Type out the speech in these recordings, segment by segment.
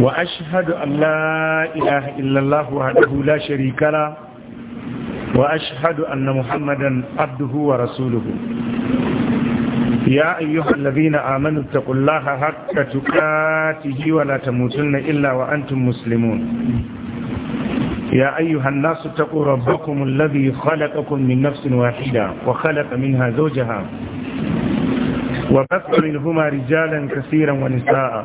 wa ashahadu an la ilaha illallah wahdahu la sharika la wa ashahadu anna muhammadan abduhu wa rasuluhu ya ayyuhal ladhina amanu taqullaha haqqa tuqatih wa la tamutunna illa wa antum muslimun يا أيها الناس اتقوا ربكم الذي خلقكم من نفس واحدة وخلق منها زوجها وبث منهما رجالا كثيرا ونساء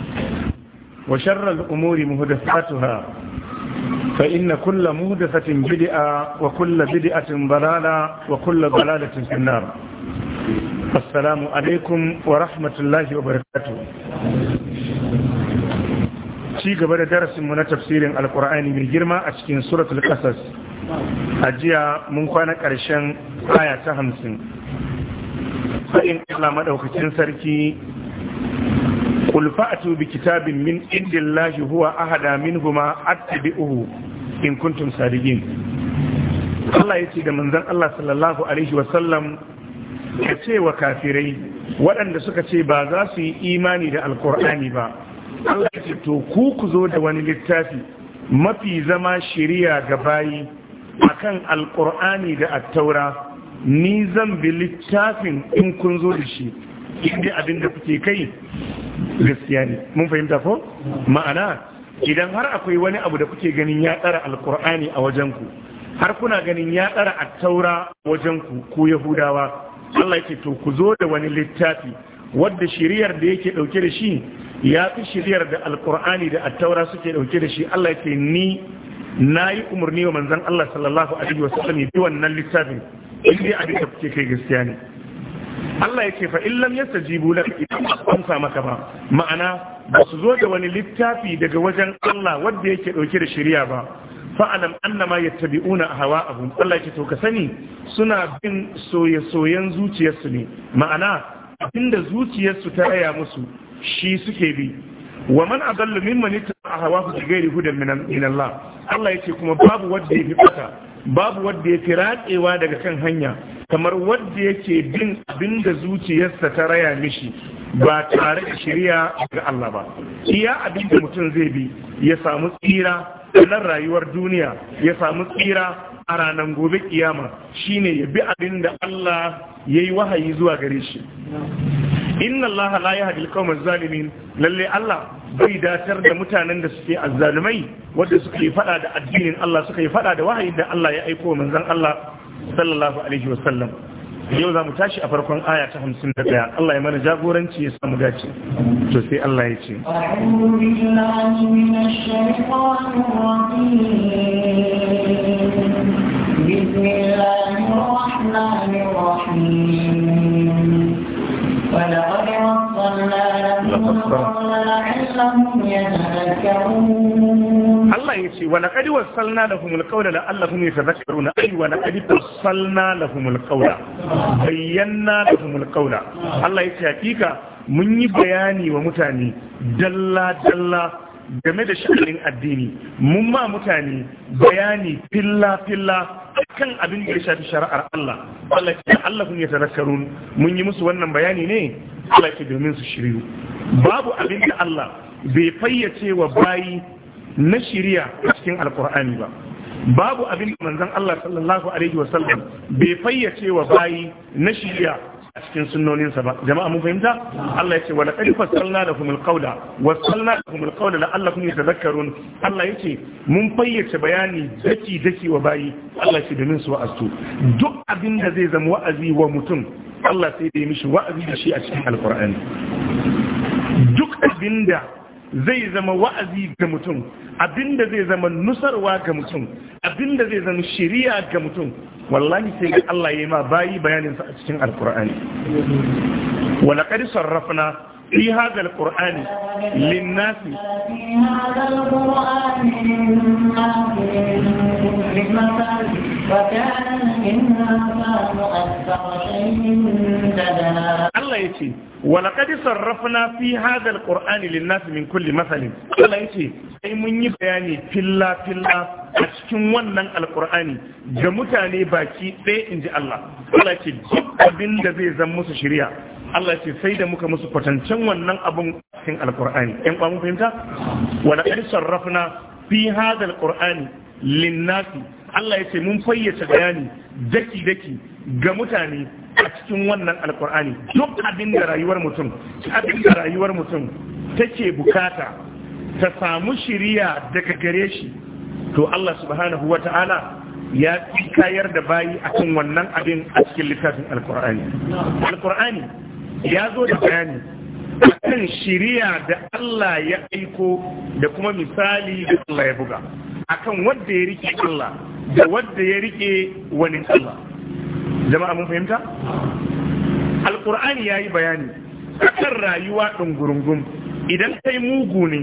وشر الأمور مهدفتها فإن كل مهدفة بدئة وكل بدئة ضلالة وكل ضلالة في النار السلام عليكم ورحمة الله وبركاته Ci gaba da darasinmu na tafsirin Alƙura'ani mai girma a cikin Suratul Ƙasas, A jiya, mun kwana ƙarshen aya ta hamsin. Sa’in Allah maɗaukacin sarki قل فأتوا بكتاب من عند الله هو أحد منهما أتبعه إن كنتم صادقين الله يتيد من ذن الله صلى الله عليه وسلم كتي وكافرين وأن سكتي بازاسي إيماني دا القرآن با Allah ya to ku ku zo da wani littafi mafi zama shiriya ga bayi akan alkur'ani da attaura ni zan bi littafin in kun zo da shi inda abin da kuke kai gaskiya ne mun fahimta ko ma'ana idan har akwai wani abu da kuke ganin ya tsara alkur'ani a wajen ku har kuna ganin ya tsara attaura wajen ku ku yahudawa Allah ya ce to ku zo da wani littafi wadda shiriyar da yake dauke da shi ya fi shiriyar da alkur'ani da attaura suke dauke da shi Allah ya ce ni na yi umarni wa manzan Allah sallallahu alaihi wasallam ya bi wannan littafin in dai abin da kuke kai gaskiya ne Allah ya ce fa illam jibi lak idan amsa maka ba ma'ana ba su zo da wani littafi daga wajen Allah wanda yake ɗauke da shirya ba fa'alam annama yattabi'una ahwa'ahum Allah ya ce to ka sani suna bin soye zuciyarsu ne ma'ana abinda zuciyarsu ta raya musu shi suke bi wa man adallu mimman ittaba ahwa'ahu bighairi hudan min Allah Allah ya ce kuma babu wanda ya fi bata babu wanda ya fi ratsewa daga kan hanya kamar wadda yake bin abin da zuciyarsa ta raya mishi ba tare da shirya ga Allah ba iya abin da mutum zai bi ya samu tsira a nan rayuwar duniya ya samu tsira a ranar gobe kiyama shine ya bi abin da Allah ya yi wahayi zuwa gare shi inna Allah la ya al-qawma zalimin lalle Allah bai datar da mutanen da suke azzalumai suka yi fada da addinin Allah suka yi fada da wahayin da Allah ya aiko manzon Allah sallallahu alaihi wasallam yau za mu tashi a farkon aya ta hamsin da ɗaya Allah ya mana jagoranci ya samu dace to sai Allah ya ce بسم الله الرحمن الرحيم ولقد وصلنا لهم القول لعلهم يتذكرون الله يسي ولقد وصلنا لهم القول لعلهم يتذكرون أي ولقد وصلنا لهم القول بينا لهم القول الله يسي حقيقة mun yi bayani wa mutane dalla-dalla game da sha'anin addini mun ma mutane bayani filla-filla kan abin da ya shafi shari'ar Allah Allah ke Allah kun ya tadakkarun mun yi musu wannan bayani ne Allah ke domin su shiryu babu abin da Allah bai fayyace wa bayi na shiriya a cikin alkur'ani ba babu abin da manzon Allah sallallahu alaihi wa Sallam bai fayyace wa bayi na shiriya. a cikin sunnoninsa ba jama'a mun fahimta Allah ya ce wa laqad fassalna lakum alqawla wassalna lakum alqawla la'allakum yatadhakkarun Allah ya ce mun fayyace bayani daki daki wa bayi Allah ce domin su wa'azu duk abinda zai zama wa'azi wa mutum Allah sai da ya mishi wa'azi da shi a cikin alqur'ani duk abinda. zai zama wa'azi ga mutum abinda zai zama nusarwa ga mutum abinda zai zama shari'a ga mutum wallahi sai ga Allah yayi ma bayi bayanin sa a cikin alqur'ani wa laqad sarrafna fi hadha alqur'ani lin nasi Allah ya ce ولقد صرفنا في هذا القرآن للناس من كل مثل الله يتي sai mun yi bayani filla filla a cikin wannan alkur'ani ga mutane baki ɗaya in ji Allah Allah ce duk abin da zai zama musu shirya Allah ce sai da muka musu kwatancen wannan abun cikin alkur'ani ƴan ƙwamun fahimta wala sarrafna fi hadal qur'ani linnasi Allah ya ce mun fayyace bayani daki daki ga mutane a cikin wannan alkur'ani duk abin da rayuwar mutum abin da rayuwar mutum take bukata ta samu shiriya daga gare shi to Allah subhanahu wa ta'ala ya kayar da bayi akan wannan abin a cikin littafin alkur'ani alkur'ani ya zo da bayani akan shiriya da Allah ya aiko da kuma misali da Allah ya buga akan wanda ya rike Allah da wadda ya rike wani Allah jama'a mun fahimta alqur'ani yayi bayani kan rayuwa ɗungurungun, idan kai mugu ne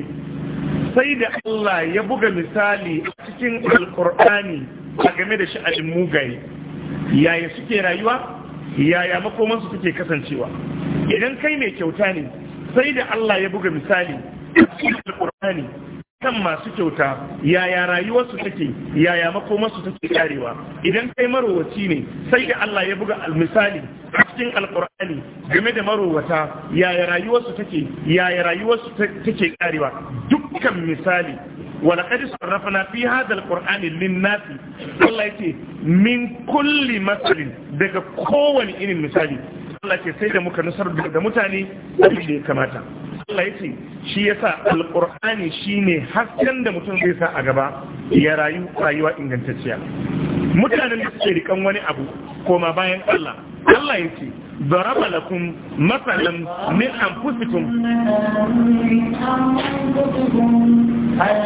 sai da Allah ya buga misali a cikin alqur'ani a game da sha'adin mugaye yaya suke rayuwa yaya makomansu suke kasancewa idan kai mai kyauta ne sai da Allah ya buga misali a cikin alqur'ani kan masu kyauta yaya rayuwarsu take yaya makomarsu take karewa idan kai marowaci ne sai da Allah ya buga misali a cikin alkur'ani game da marowata yaya rayuwarsu take yaya rayuwarsu take karewa dukkan misali wala qad sarrafna fi hadha alqur'ani lin Allah yake min kulli masalin daga kowane irin misali Allah yake sai da muka nusar da mutane da ya kamata Allah ya ce shi ya sa alƙur'ani shi ne hasken da mutum zai sa a gaba ya rayu rayuwa ingantacciya mutanen da suke rikan wani abu koma bayan Allah Allah ya ce ضرب لكم مثلا من أنفسكم هل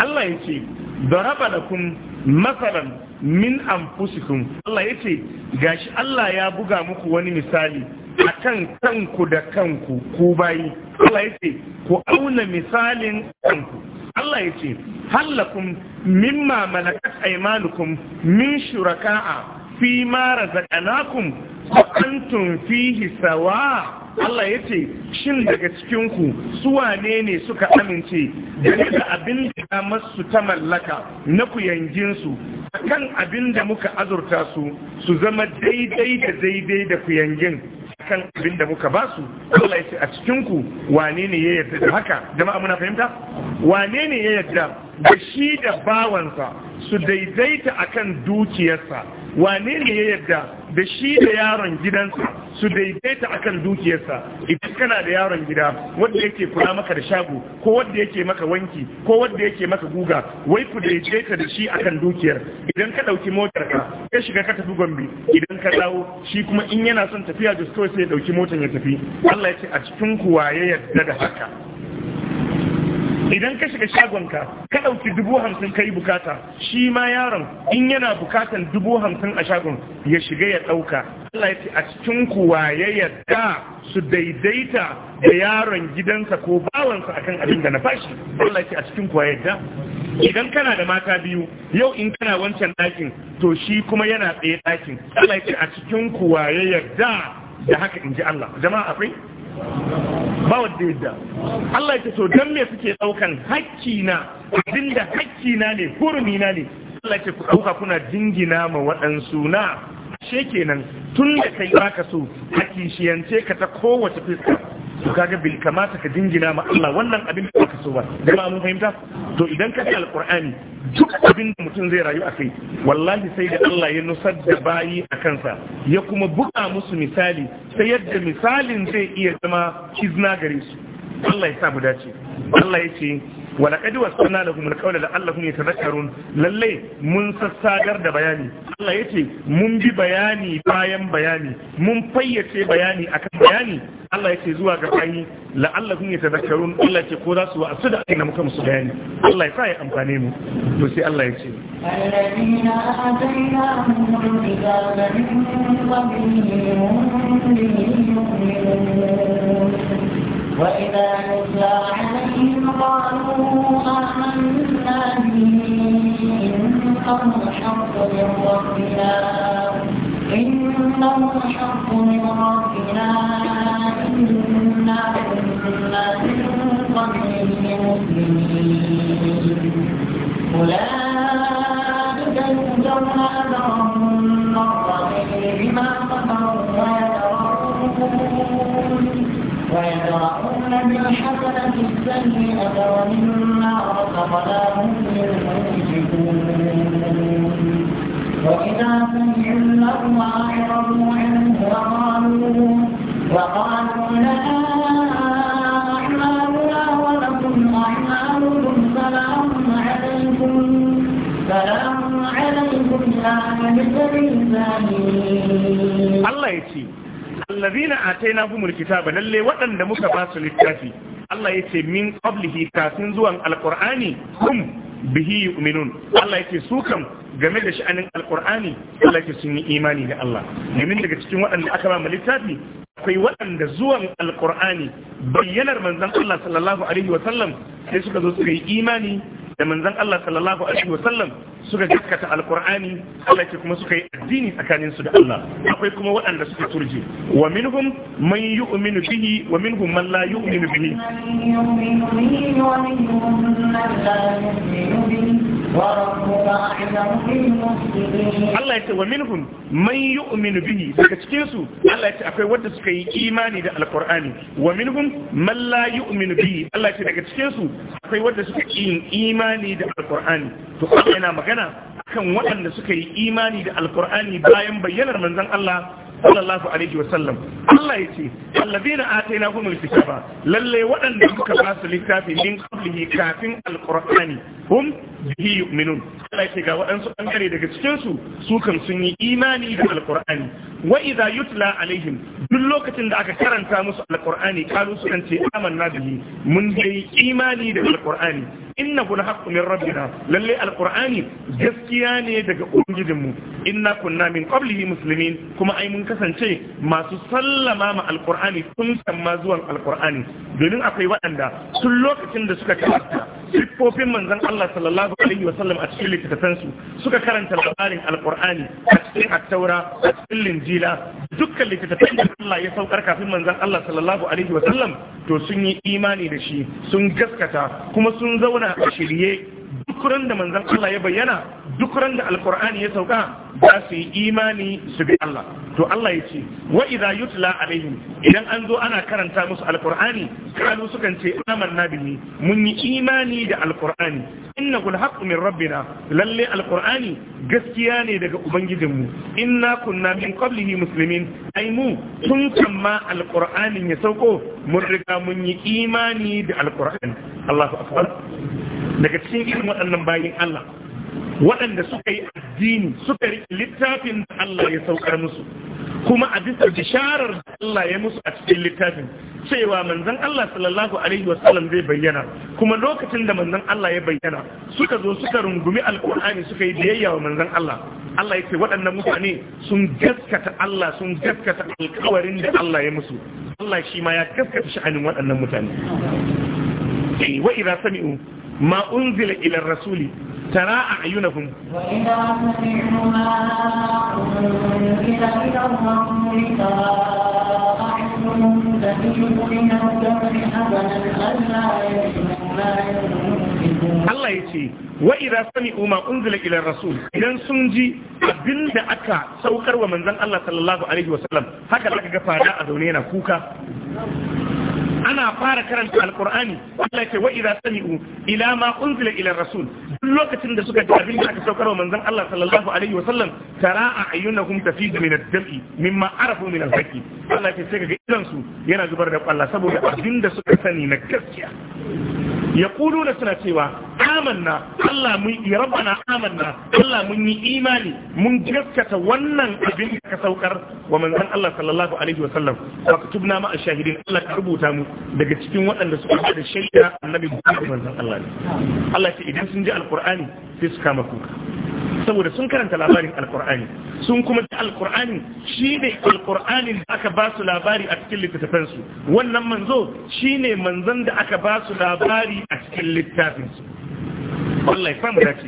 Allah ya ce, Daraba da kun matsalan min amfusikun Allah ya ce, ga shi Allah ya buga muku wani misali a kan kanku da kanku ku bayi. Allah ya ce, ku auna misalin kanku. Allah ya ce, hallakun mimma malakat aimanukum min shuraka'a fi ma razaqnakum ƙantun fi hisawa. Allah ya ce shin daga cikinku su wane ne suka amince da abin da masu ta mallaka na ku kuyanginsu kan abin da muka azurta su su zama daidai da daidai da kuyangin kan abin da muka basu Allah ya ce a cikinku. ku wane ne ya yarda da haka jama'a muna fahimta wane ne ya yarda da shi da bawansa su daidaita akan dukiyarsa wane ne ya yarda da shi da yaron gidansa su daidaita akan dukiyarsa idan kana da yaron gida wanda yake kula maka da shago ko wanda yake maka wanki ko wanda yake maka guga wai ku daidaita da shi akan dukiyar idan ka dauki motar ka ya shiga ka tafi gombe idan ka dawo shi kuma in yana son tafiya da sai ya dauki motar ya tafi Allah ya ce a cikin kuwa ya yadda da haka idan ka shiga shagonka ka ɗauki dubu hamsin ka yi bukata shi ma yaron in yana bukatan dubu hamsin a shagon ya shiga ya ɗauka Allah ya ce a cikin kuwa ya yadda su daidaita da yaron gidansa ko bawansa akan abin da na fashi Allah ya ce a cikin kuwa ya yadda idan kana da mata biyu yau in kana wancan ɗakin to shi kuma yana tsaye ɗakin Allah ya ce a cikin kuwa ya yadda da haka in ji Allah jama'a akwai ba wadda yadda Allah ya to dan me suke daukan haƙƙina, na abinda hakki ne hurumi ne Allah ya ku ɗauka kuna jingina ma waɗansu na shekenan kenan tun da kai baka so a kishiyance ka ta kowace fiska to kaga bil kamata ka dingina ma Allah wannan abin da ka so ba jama'a mun fahimta to idan ka ji alqur'ani duk abin da mutum zai rayu a kai wallahi sai da Allah ya nusar da bayi a kansa ya kuma buka musu misali sai yadda misalin zai iya zama kizna gare su Allah ya sa mu dace Allah ya ce wala kadi wasanna lahum alqawla la'allahum yatadhakkarun lalle mun sassagar da bayani Allah yace mun bi bayani bayan bayani mun fayyace bayani akan bayani Allah yace zuwa ga bayi la'allahum yatadhakkarun Allah yace ko za su wa asuda inda muka musu bayani Allah ya sa ya amfane mu to sai Allah yace الذين آتيناهم min من قبله هم به يؤمنون وإذا تتلى عليهم قالوا آمنا به إنه الحق من ربنا إنه الحق من ربنا إنا كنا من قبله مسلمين أولئك يجزون أجرهم ويدرؤون بالحسنة السيئة ومما رزقناهم ينفقون وإذا سمعوا اللغو أعرضوا عنه وقالوا وقالوا لنا أعمالنا ولكم أعمالكم سلام عليكم سلام عليكم لا نبتغي الزاهدين الله يسير allazina atainahumul kitaba lalle waɗanda muka ba su littafi Allah yace min qablihi kafin zuwan alqur'ani hum bihi yu'minun Allah yace su kam game da sha'anin alqur'ani Allah yace sun yi imani da Allah domin daga cikin waɗanda aka ba mu littafi akwai waɗanda zuwan alqur'ani bayyanar manzon Allah sallallahu alaihi wa sallam sai suka zo suka yi imani da manzon Allah sallallahu alaihi wasallam suka gaskata alqur'ani Allah ce kuma suka yi addini tsakanin da Allah akwai kuma waɗanda suka turje wa minhum man yu'minu bihi wa minhum man la yu'minu bihi Allah ya wa minhum man yu'minu bihi daga cikin su Allah ya akwai wanda suka yi imani da alqur'ani wa minhum man la yu'minu bihi Allah ya daga cikin su akwai wanda suka yin imani da alkur'ani to kuma yana magana kan waɗanda suka yi imani da alkur'ani bayan bayyanar manzon Allah sallallahu alaihi wasallam Allah ya ce allazina ataina hum alkitaba lalle waɗanda suka ba su littafi min qablihi kafin alkur'ani hum bihi yu'minun Allah ce ga waɗansu ɓangare daga cikin su su kan sun yi imani da Alƙur'ani. wa idza yutla alaihim duk lokacin da aka karanta musu Alƙur'ani kalu su kan ce amanna bihi mun dai imani da alqur'ani innahu alhaqqu min rabbina lalle Alƙur'ani gaskiya ne daga ubangijinmu inna kunna min qablihi muslimin kuma ai mun kasance masu sallama ma Alƙur'ani tun kan ma zuwan alqur'ani domin akwai waɗanda sun lokacin da suka karanta siffofin manzon Allah sallallahu alaihi wasallam a cikin littattafansu suka karanta labarin alqur'ani a cikin attaura a cikin linjila dukkan littattafan da Allah ya saukar kafin manzon Allah sallallahu alaihi wasallam to sun yi imani da shi sun gaskata kuma sun zauna a shirye duk ran da manzan Allah ya bayyana duk ran da alkur'ani ya sauka za su yi imani su bi Allah to Allah ya ce wa idza yutla alaihim idan an zo ana karanta musu alkur'ani kalu kan ce amanna bihi mun yi imani da alkur'ani innahu alhaqqu min rabbina lalle alkur'ani gaskiya ne daga ubangijinmu inna kunna min qablihi muslimin ai mu tun kamma alkur'anin ya sauko mun riga mun yi imani da alkur'ani Allahu akbar daga cikin irin waɗannan bayan Allah waɗanda suka yi addini suka riƙe littafin da Allah ya saukar musu kuma a bisa bisharar da Allah ya musu a cikin littafin cewa manzon Allah sallallahu alaihi sallam zai bayyana kuma lokacin da manzon Allah ya bayyana suka zo suka rungumi alkur'ani suka yi biyayya wa manzon Allah Allah ya ce waɗannan mutane sun gaskata Allah sun gaskata alkawarin da Allah ya musu Allah shi ma ya gaskata sha'anin waɗannan mutane eh, wa idza sami'u ma unzila ila rasuli tara a ayyunahum Allah ya ce wa idza sami'u ma unzila idan sun ji abinda aka saukar wa manzon Allah sallallahu alaihi wasallam haka zaka ga fada a zaune yana kuka ana fara karanta alkur'ani Allah ce wa idza sami'u ila ma unzila ila rasul duk lokacin da suka ji abin da aka saukar wa manzon Allah sallallahu alaihi wa sallam tara ayyunakum tafidu min ad-dam'i mimma arafu min al-haqq Allah ce sai kaga idan su yana zubar da kwalla saboda abin da suka sani na gaskiya da suna cewa amanna Allah mun ya rabbana amanna Allah mun yi imani mun gaskata wannan abin da ka saukar wa manzon Allah sallallahu alaihi wa sallam wa kutubna ma ashahidin Allah ka rubuta mu daga cikin waɗanda suka da shaida annabi Muhammad manzon Allah ne Allah ya ce idan sun ji alqur'ani sai su kama kuka saboda sun karanta labarin alkur'ani sun kuma ji alkur'ani shi ne alkur'anin da aka ba su labari a cikin littattafansu wannan manzo shi ne manzon da aka ba su labari a cikin littafinsu Allah ya samu dace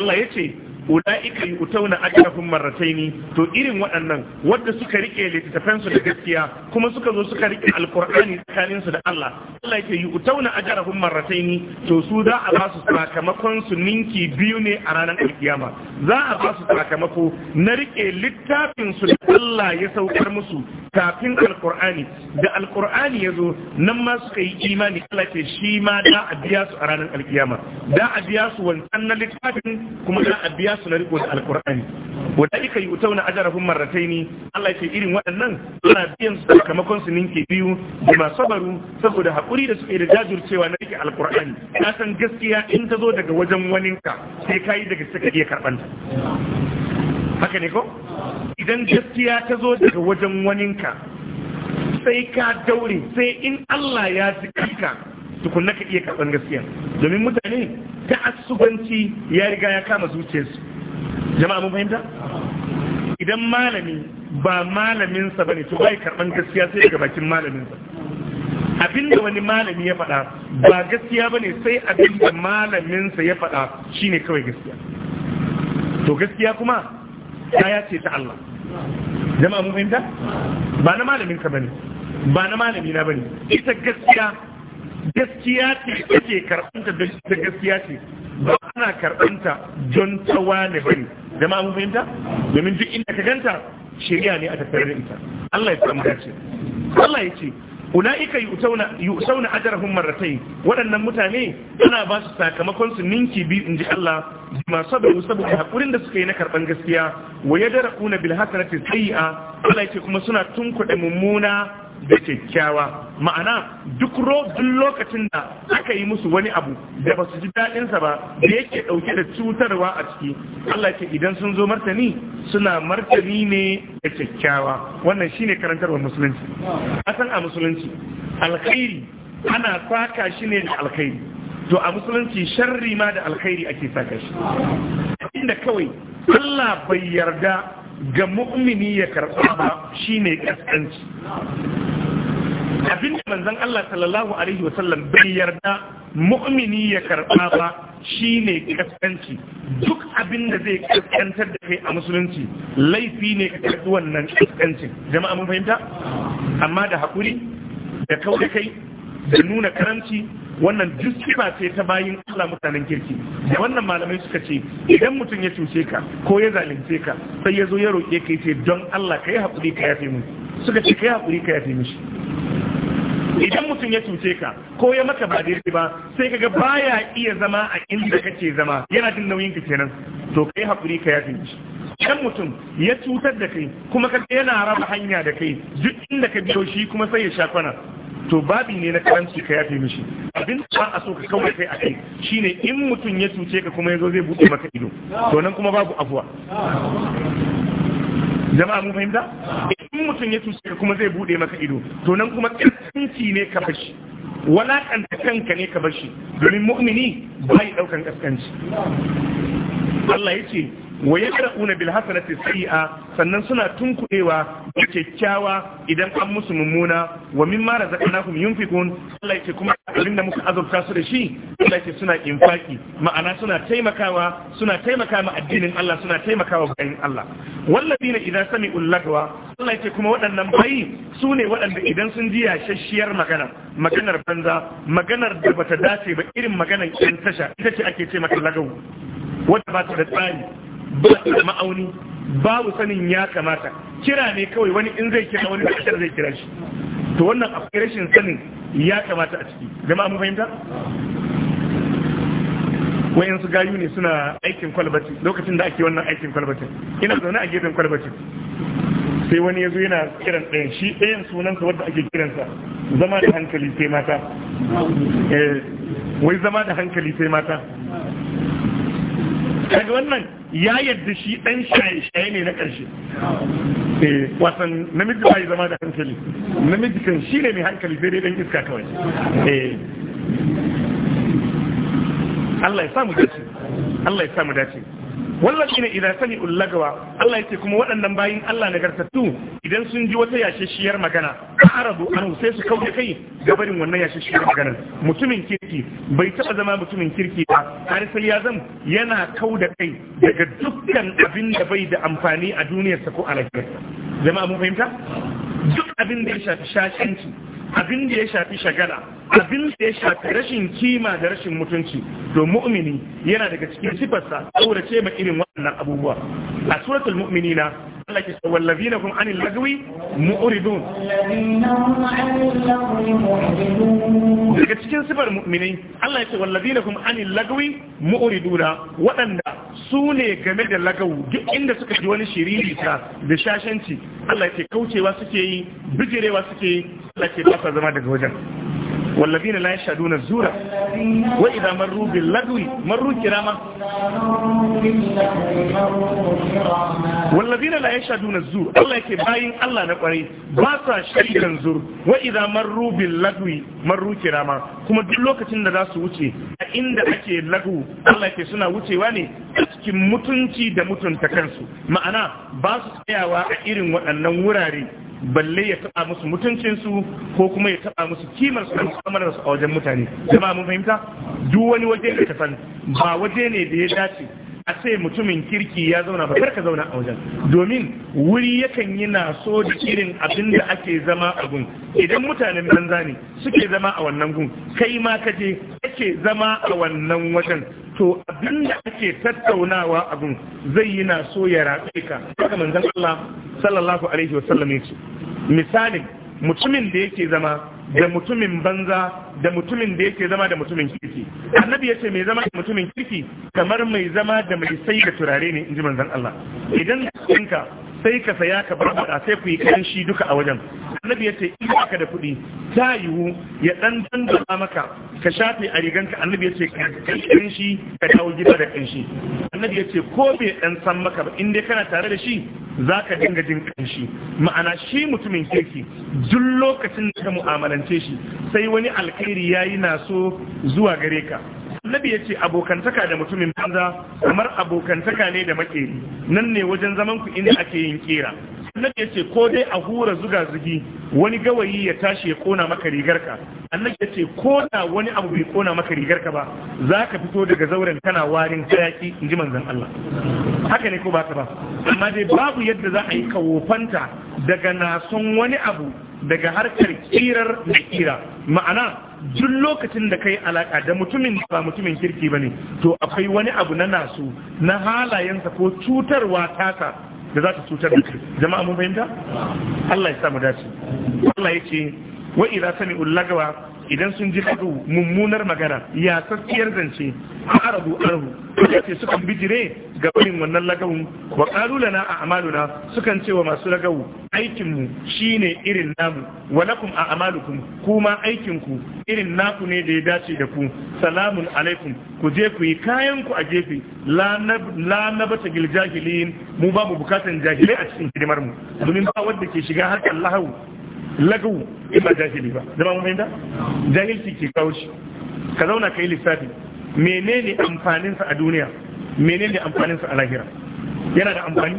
Allah ya ce ula'ika yi ajrahum marrataini to irin waɗannan wanda suka rike littattafan su da gaskiya kuma suka zo suka rike alqur'ani tsakanin su da Allah Allah yake yi ajrahum marrataini to su za a ba su sakamakon su ninki biyu ne a ranar al-kiyama. za a ba su sakamako na rike littafin su da Allah ya saukar musu kafin alqur'ani da alqur'ani ya zo nan ma suka yi imani Allah ke shi ma da a biya su a ranar al-kiyama, da a biya su wancan na littafin kuma da a biya ja su da alkur'ani wanda ika yi utauna ajarahum ne Allah ce irin waɗannan suna biyan su sakamakon su ninke biyu da ma sabaru saboda hakuri da suke da jajircewa na rike alkur'ani ka san gaskiya in ta zo daga wajen waninka sai ka yi daga suka iya karɓanta haka ne ko idan gaskiya ta zo daga wajen waninka sai ka daure sai in Allah ya ji ka. tukunna ka iya karɓar gaskiya domin mutane ta asubanci ya riga ya kama zuciyarsu jama'a mun fahimta idan malami ba malaminsa ba ne to bai karɓar gaskiya sai daga bakin malaminsa abinda wani malami ya faɗa ba gaskiya bane ne sai abinda malaminsa ya faɗa shine kawai gaskiya to gaskiya kuma ya ce ta Allah jama'a mun fahimta ba na malamin ba ne ba na malami ba ne ita gaskiya gaskiya ce kake karɓanta da gaskiya ce ba ana karɓanta don tawa ne ba ne zama mun fahimta domin duk inda ka ganta shari'a ne a tattare da ita Allah ya samu ce. Allah ya ce ulaika yu'tauna yu'tauna ajrahum marratayn waɗannan mutane ana ba su sakamakon su ninki biyu inji Allah bima saboda hakurin da suka yi na karban gaskiya wa yadra'una bil hasanati a? Allah ya ce kuma suna tunkuɗe mummuna da kyakkyawa ma'ana duk lokacin da aka yi musu wani abu da ba su ji daɗinsa ba da yake ɗauke da cutarwa a ciki Allah ce idan sun zo martani suna martani ne da kyakkyawa wannan shine karantarwar musulunci asan a musulunci alkhairi ana saka shi ne da alkhairi to a musulunci sharri ma da alkhairi ake saka shi inda kawai Allah bai yarda ga mu'mini ya karɓa ba shine kaskanci abin da manzon Allah sallallahu alaihi wasallam bai yarda mu'mini ya karba ba shine kaskanci duk abin da zai kaskantar da kai a musulunci laifi ne ka karbi wannan kaskancin jama'a mun fahimta amma da hakuri da kauda kai da nuna karamci wannan duskiba ce ta bayin Allah mutanen kirki da wannan malamai suka ce idan mutum ya cuce ka ko ya zalunce ka sai ya zo ya roƙe ka ce don Allah ka yi haƙuri ka yafe mu suka ce ka yi haƙuri ka yafe mu idan mutum ya cuce ka ko ya maka ba daidai ba sai kaga baya iya zama a inda kake zama yana jin nauyin ka kenan to kai hakuri ka yafi shi idan mutum ya cutar da kai kuma ka yana raba hanya da kai duk inda ka biyo shi kuma sai ya sha kwana to babi ne na karanci ka yafe mishi abin ba a so ka kawai kai a kai shine in mutum ya cuce ka kuma yazo zai buɗe maka ido to nan kuma babu afuwa jama'a mun fahimta in mutum ya cuce ka kuma zai bude maka ido to nan kuma kaskanci ne ka bashi walakanta kanka ne ka bashi domin mu'mini bai daukan kaskanci Allah ya ce wa yaqra'una bil hasanati sayyi'a sannan suna tunkuɗewa, da kyakkyawa idan an musu mummuna wa mimma razaqnahum yunfiqun Allah yake kuma abin da muka azurta su da shi Allah yake suna infaki ma'ana suna taimakawa suna taimakawa addinin Allah suna taimakawa bayin Allah walladina idza sami'u lagwa Allah yake kuma waɗannan bayi su ne waɗanda idan sun ji yashashiyar magana maganar banza maganar da bata dace ba irin maganar yan tasha ita ce ake ce maka wadda ba ta da tsari ba ma'auni babu sanin ya kamata kira ne kawai wani in zai kira wani da zai kira shi to wannan akwai rashin sanin ya kamata a ciki jama'a mu fahimta su gayu ne suna aikin kwalbati lokacin da ake wannan aikin kwalbatin ina zaune a gefen kwalbatin sai wani ya zo yana kiran ɗayan shi ɗayan sunansa wadda ake kiransa zama da hankali sai mata eh, wai zama da hankali sai mata kaga wannan ya yadda shi dan shaye-shaye ne na ƙarshe eh, wasan namiji ba zama da hankali namiji kan shi ne mai hankali sai dai dan iska kawai eh. Allah ya samu dace Allah ya samu dace wallazina idza sami'u lagawa Allah yake kuma waɗannan bayin Allah gartattu idan sun ji wata yashashiyar magana arabu an sai su kauce kai barin wannan yashashiyar magana mutumin kirki bai taba zama mutumin kirki ba har sai ya zama yana kauda kai daga dukkan abin da bai da amfani a duniyarsa ko a lafiyarsa jama'a mun fahimta duk abin da ya shafi shashanci abin da ya shafi shagala abin da ya shafi rashin kima da rashin mutunci don mu'mini yana daga cikin sifarsa ce ma irin waɗannan abubuwa a suratul mu'minina daga cikin sifar mu'minai Allah ya ce wallazina hum anil lagwi mu'riduna waɗanda su ne game da lagawu duk inda suka ji wani shiriri ta da shashanci Allah ya ce kaucewa suke yi bijirewa suke yi Allah ya ce ba zama daga wajen wallafina la ya na zura wa iza maru bin lagwi maru kirama wallafina la ya shaɗu na zura Allah yake bayin Allah na ƙwarai ba sa shaikan zur wa iza maru bin lagwi maru kirama kuma duk lokacin da za su wuce a inda ake lagu Allah yake suna wucewa ne A cikin mutunci da mutunta kansu ma'ana ba su tsayawa a irin waɗannan wurare balle ya taba musu mutuncinsu ko kuma ya taba musu kimar su da su a wajen mutane jama'a mun fahimta duk wani waje da ka san ba waje ne da ya dace a sai mutumin kirki ya zauna ba ka zauna a wajen domin wuri yakan yi na so da irin abin da ake zama a gun idan mutanen banza ne suke zama a wannan gun kai ma ka je ake zama a wannan wajen to abin da ake tattaunawa a gun zai yi na so ya rafe ka haka manzon Allah sallallahu alaihi wasallam ya ce misalin mutumin da yake zama da mutumin banza da mutumin da yake zama da mutumin kirki annabi yace mai zama da mutumin kirki kamar mai zama da mai sai da turare ne inji manzon Allah idan ɗinka sai ka saya ka bar bada sai ku yi shi duka a wajen annabi yace ce in aka da kuɗi ta yiwu ya dan dandama maka ka shafe a riganka annabi ya ce ka shi ka dawo gida da kanshi annabi yace ko bai dan san maka ba in dai kana tare da shi zaka dinga jin kanshi ma'ana shi mutumin kirki duk lokacin da ka mu'amalance shi sai wani alkhairi yayi na so zuwa gare ka annabi ya ce abokantaka da mutumin banza kamar abokantaka ne da makeri nan ne wajen zaman ku inda ake yin kera annabi ya ce ko dai a hura zuga zugi wani gawayi ya tashi ya kona maka rigarka annabi ya ce ko da wani abu bai kona maka rigarka ba za ka fito daga zauren kana warin hayaki in ji manzon Allah haka ne ko ba ka ba amma dai babu yadda za a yi kawofanta daga nasun wani abu daga harkar kirar da kira ma'ana duk lokacin da kai alaka da mutumin ba mutumin kirki bane to akwai wani abu na nasu na halayensa ko cutarwa tasa da za ta cutar da kai jama'a mun fahimta Allah ya sa mu dace Allah ya ce wa idza sami'u lagawa idan sun ji kadu mummunar magana ya sassiyar zance arabu arabu ya ce sukan bijire ga barin wannan lagawun wa kalulana a amaluna sukan ce wa masu lagawu aikinmu shi ne irin namu wa lakum a amalukum kuma aikinku irin naku ne da ya dace da ku salamun alaikum ku je ku yi kayan a gefe la na bata gil jahiliyin mu ba bukatan jahilai a cikin hidimar domin ba wadda ke shiga harkar lahau lagu in ba jahili ba zama mun fahimta jahilci ke kawo shi ka zauna ka yi lissafi menene amfaninsa a duniya menene amfaninsa a lahira yana da amfani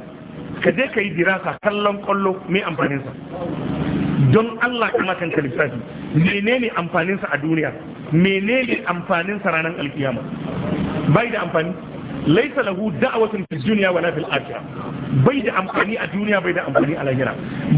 ka je ka yi dirasa kallon kwallo amfanin amfaninsa don Allah kama ka lissafi menene amfaninsa a duniya menene amfaninsa ranar alkiyama bai da amfani laisa lahu da'watun fid dunya wala fil akhirah bai da amfani a duniya bai da amfani a lahira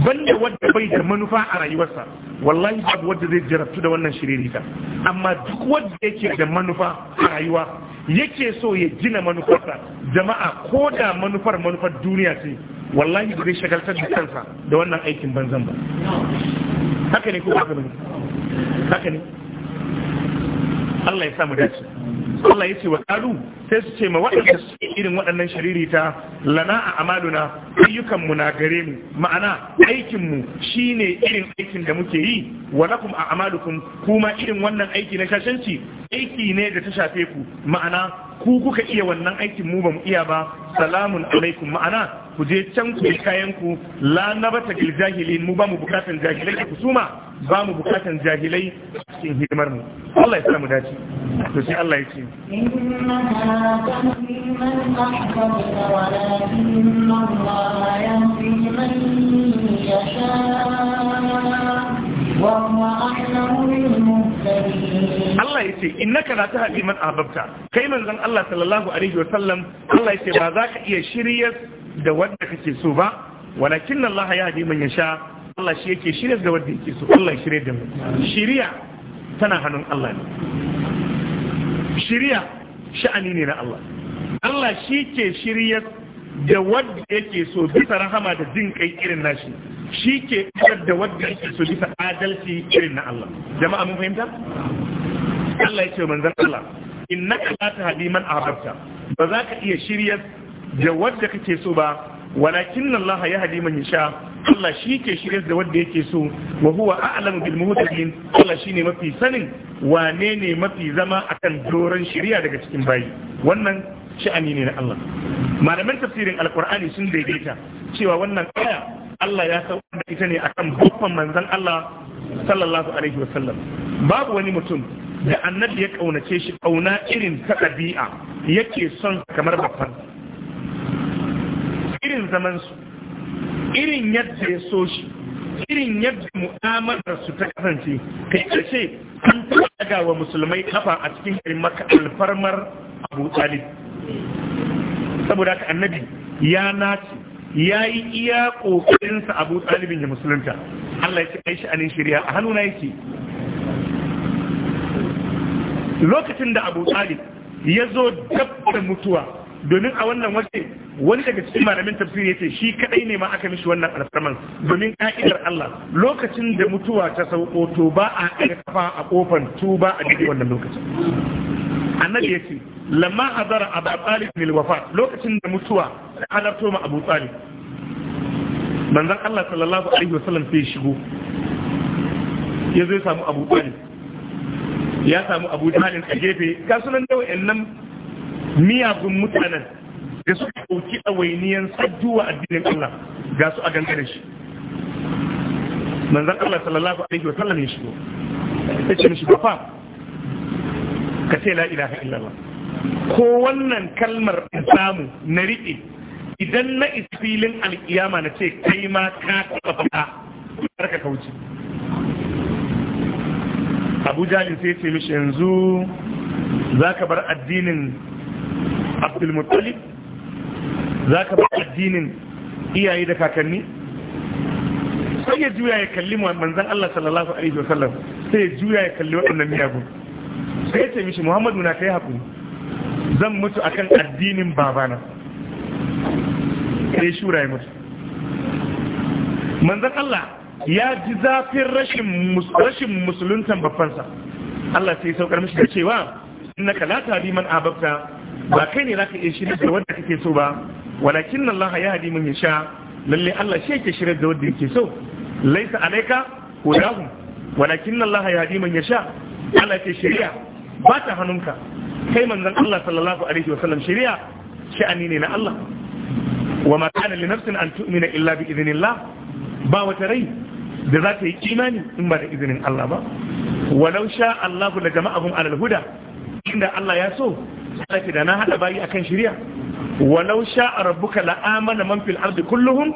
banda wanda bai da manufa a rayuwarsa wallahi babu wanda zai jarabtu da wannan shiririta amma duk wanda yake da manufa a rayuwa yake so ya gina manufarsa jama'a ko da manufar manufar duniya ce wallahi ba zai shagaltar da kansa da wannan aikin banzan ba haka ne ko haka ne haka ne Allah ya samu dace Allah ya ce wa kalu sai su ce ma waɗanda su irin waɗannan sharirita lana a amaluna ayyukanmu na gare mu ma'ana aikinmu shi ne irin aikin da muke yi wa lakum a amalukum kuma irin wannan aiki na shashanci aiki ne da ta shafe ku ma'ana ku kuka iya wannan aikin mu ba mu iya ba salamun alaikum ma'ana ku je can ku kayan ku la nabata gil jahilin mu ba mu bukatan jahilai ku suma ba mu bukatan jahilai cikin hidimar mu Allah ya sa mu dace to sai Allah ya ce Allah ya ce innaka la tahdi man ahbabta kai manzon Allah sallallahu alaihi Wasallam. Allah ya ce ba za ka iya shiryar da wanda kake so ba walakin Allah ya hadi man yasha Allah shi yake shirya da wanda yake so Allah shirya da mu shiriya tana hannun Allah ne shiriya sha'ani ne na Allah Allah shi ke shirya da wanda yake so bisa rahama da jin kai irin nashi shi ke fitar da wanda yake so bisa adalci irin na Allah jama'a mun fahimta Allah ya ce manzon Allah innaka la tahdi man ahbabta ba za ka iya shirya da wanda kake so ba walakin Allah ya hadi man yasha Allah shi ke shirya da wanda yake so wa huwa a'lamu bil muhtadin Allah shine mafi sanin wane ne mafi zama akan doron shirya daga cikin bayi wannan sha'ani ne na Allah malaman tafsirin alqur'ani sun daidaita cewa wannan aya Allah ya saukar da ita ne akan babban manzon Allah sallallahu alaihi babu wani mutum da annabi ya kaunace shi kauna irin ta ɗabi'a yake son kamar babban irin zaman su irin yadda ya so shi irin yadda mu'amalar su ta kasance kai ce an taga wa musulmai kafa a cikin garin maka alfarmar abu talib saboda ka annabi ya nace ya yi iya ƙoƙarinsa abu talibin ya musulunta Allah ya ce kai shi anin shirya a hannuna yake lokacin da abu talib ya zo dabbar mutuwa domin a wannan waje wani daga cikin malamin tafsiri ce shi kadai ne ma aka mishi wannan alfarman domin ka'idar Allah lokacin da mutuwa ta sauko to ba a ɗaga kafa a kofar ba a daidai wannan lokacin annabi ce lamma hadara abu talib lil wafat lokacin da mutuwa ta halarto ma abu talib manzon Allah sallallahu alaihi wasallam sai ya shigo ya zo ya samu abu talib ya samu abu talib a gefe Ka sunan da wayannan miyagun mutanen da suka ɗauki ɗawainiyan sajjuwa addinin Allah ga su a gangare shi manzan Allah sallallahu alaihi wa ya shigo ya ce mishi bafa ka ce la ilaha illallah ko wannan kalmar in samu na riƙe idan na isfilin alƙiyama na ce kai ma ka taɓa faɗa har ka kauce abu jalin sai ce mishi yanzu za ka bar addinin abdulmuttalib za ka ba addinin iyaye da kakanni sai ya juya ya kalli manzan Allah sallallahu alaihi wasallam sai ya juya ya kalli waɗannan miyagun sai ya ce mishi muhammadu na kai haƙuri zan mutu akan addinin babana sai shura ya mutu manzan Allah ya ji zafin rashin musuluntan babbansa Allah sai saukar mishi da cewa innaka la tahdi man ahbabta ba kai ne zaka iya shirya da wanda kake so ba walakin Allah ya hadi man yasha lalle Allah shi yake shirya da wanda yake so laisa alaika hudahum walakin Allah ya hadi man yasha Allah ke shirya ba ta hannunka kai manzon Allah sallallahu alaihi wa sallam shirya sha'ani ne na Allah wa ma kana li nafsin an tu'mina illa bi idhnillah ba wata rai da za ta yi imani in ba da izinin Allah ba walau sha Allahu da jama'a ala al-huda inda Allah ya so sake da na haɗa bayi akan shari'a walau sha rabbuka la amana man fil ardi kulluhum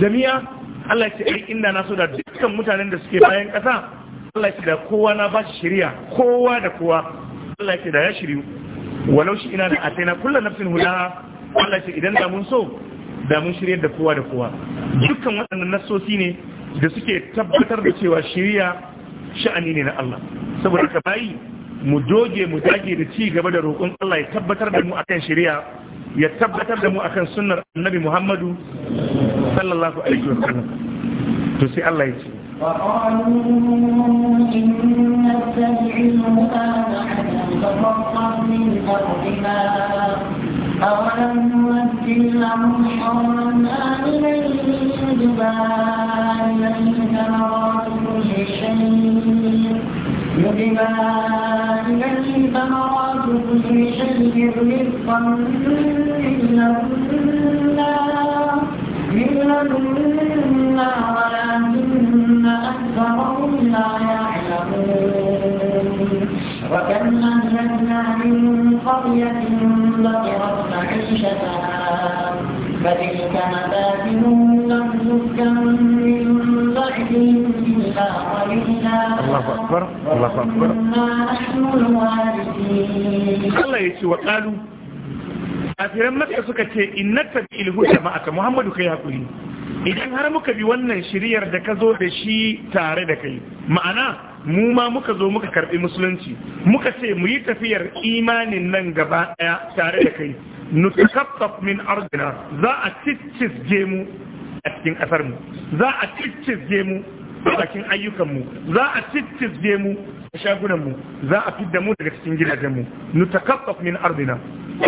jami'a Allah ya ce ai inda na so da dukkan mutanen da suke bayan kasa Allah ya ce da kowa na ba shi shari'a kowa da kowa Allah ya ce da ya shiryu walau shi ina da atena kullu nafsin hudaha Allah ya ce idan da mun so da mun shiryar da kowa da kowa dukkan waɗannan nassosi ne da suke tabbatar da cewa shari'a sha'ani ne na Allah saboda ka bayi mu doge mu dage da ci gaba da roƙon Allah ya tabbatar da mu akan shari'a ya tabbatar da mu akan sunnar annabi Muhammadu sallallahu alaihi wa sallam to sai Allah ya ce وقالوا إن نتبع القرآن حتى نتفقد من أرضنا أولم نمثل لهم حرما آمنا يجبى إليه ثمرات كل شيء مهما إليه ثمرات كل شيء رزقا من لدنا ولكن أكثرهم لا يعلمون وكم أهلكنا من قرية بطرت معيشتها فتلك مفاتنهم لم تسكن من بعدهم إلا قليلا الله أكبر الله أكبر نحن الوارثين الله يسوى وقالوا kafiran maka suka ce in na tafi ilhu jama'aka muhammadu kai hakuri idan har muka bi wannan shiriyar da ka zo da shi tare da kai ma'ana mu ma muka zo muka karbi musulunci muka ce mu yi tafiyar imanin nan gaba daya tare da kai nutakaffaf min ardina za a ciccisge mu a cikin kasar mu za a ciccisge mu a cikin ayyukan mu za a ciccisge mu a shagunan mu za a fidda mu daga cikin gidajen mu nutakaffaf min ardina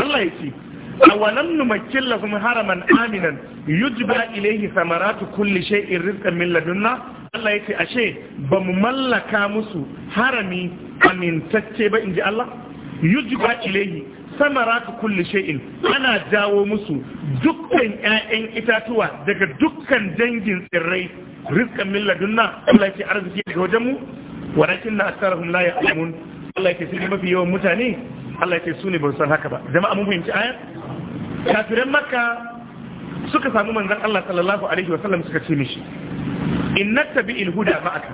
Allah ya ce awalam numakkin lahum haraman aminan yujba ilayhi samaratu kulli shay'in rizqan min ladunna Allah yace ashe ba mu mallaka musu harami amintacce ba inji Allah yujba ilayhi samaratu kulli shay'in ana jawo musu dukkan ƴaƴan itatuwa daga dukkan dangin tsirrai rizqan min ladunna Allah yace arziki daga wajen mu walakin na asarahum la ya'lamun Allah yace sai mafi yawan mutane Allah ya ce su ne ba san haka ba jama'a mun fahimci ayar kafiran makka suka samu manzon Allah sallallahu alaihi wasallam suka ce mishi in nattabi'il huda ma'aka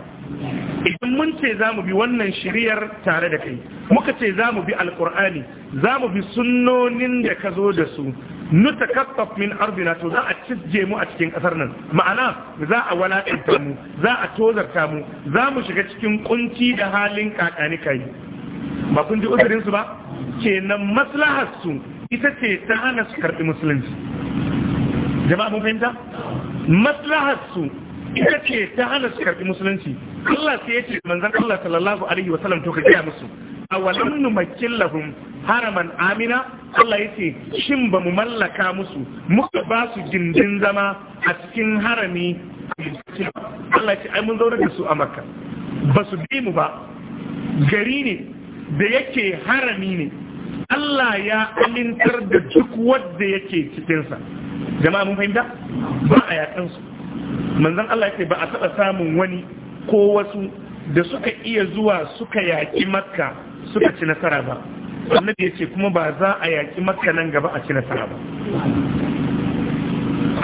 idan mun ce za mu bi wannan shiriyar tare da kai muka ce za mu bi alkur'ani za mu bi sunnonin da ka zo da su nuta kaffaf min arzina to za a cije mu a cikin kasar nan ma'ana za a walakanta mu za a tozarta mu za mu shiga cikin kunci da halin kakani kai ba kun ji uzurin su ba kenan maslaharsu ita ce ta hana su karɓi musulunci jama'a mun fahimta maslaharsu ita ce ta hana su karɓi musulunci Allah sai ya ce manzon Allah sallallahu alaihi wa sallam to ka gaya musu awalam numakkin lahum haraman amina Allah yace shin ba mu mallaka musu muka ba su gindin zama a cikin harami Allah ya ce ai mun zauna da su a Makka ba su bi mu ba gari ne da yake harami ne Allah ya alintar da duk wadda yake cikinsa jama'a mun fahimta ba a yakansu manzon Allah yake ba a taɓa samun wani ko wasu da suka iya zuwa suka yaƙi makka suka ci nasara ba annabi ya ce kuma ba za a yaƙi makka nan gaba a ci nasara ba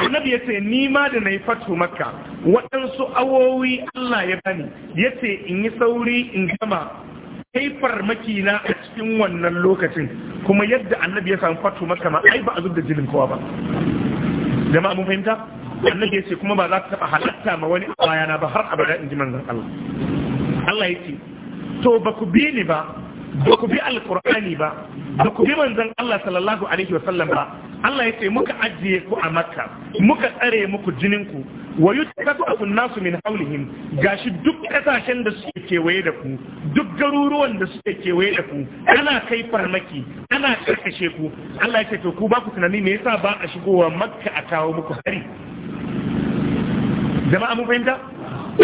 annabi ya ce ni ma da na yi fatu makka waɗansu awowi Allah ya bani ya ce in yi sauri in gama Kaifar farmaki na a cikin wannan lokacin kuma yadda annabi ya samu fatu maka ma ai ba a zubda jinin kowa ba jama'a mun fahimta annabi ya ce kuma ba za ta taba halatta ma wani a bayana ba har abada in ji manzon Allah Allah ya ce to ba ku bi ni ba ba ku bi alqur'ani ba ba ku bi manzon Allah sallallahu alaihi wa sallam ba Allah ya ce muka ajiye ku a makka muka tsare muku jininku wa yutakafu abun nasu min haulihim gashi duk kasashen da suke kewaye da ku duk garuruwan da suke kewaye da ku ana kai farmaki ana karkashe ku Allah ya ce to ku ba ku tunani me yasa ba a shigowa makka a kawo muku hari jama'a mun fahimta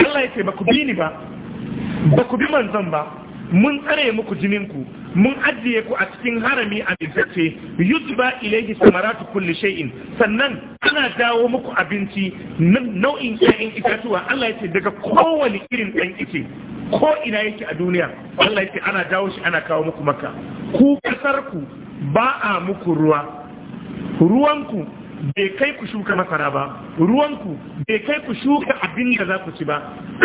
Allah ya ce ba ku bi ni ba ba ku bi manzon ba mun tsare muku ku mun ajiye ku a cikin harami a mintacce yuzba ilaihi samaratu kulli shay'in sannan ana dawo muku abinci nau'in ƴaƴan itatuwa Allah yace daga kowani irin ɗan ice ko ina yake a duniya Allah yace ana dawo shi ana kawo muku maka ku kasar ku ba a muku ruwa ruwanku bai kai ku shuka masara ba ruwanku bai kai ku shuka abin da za ku ci ba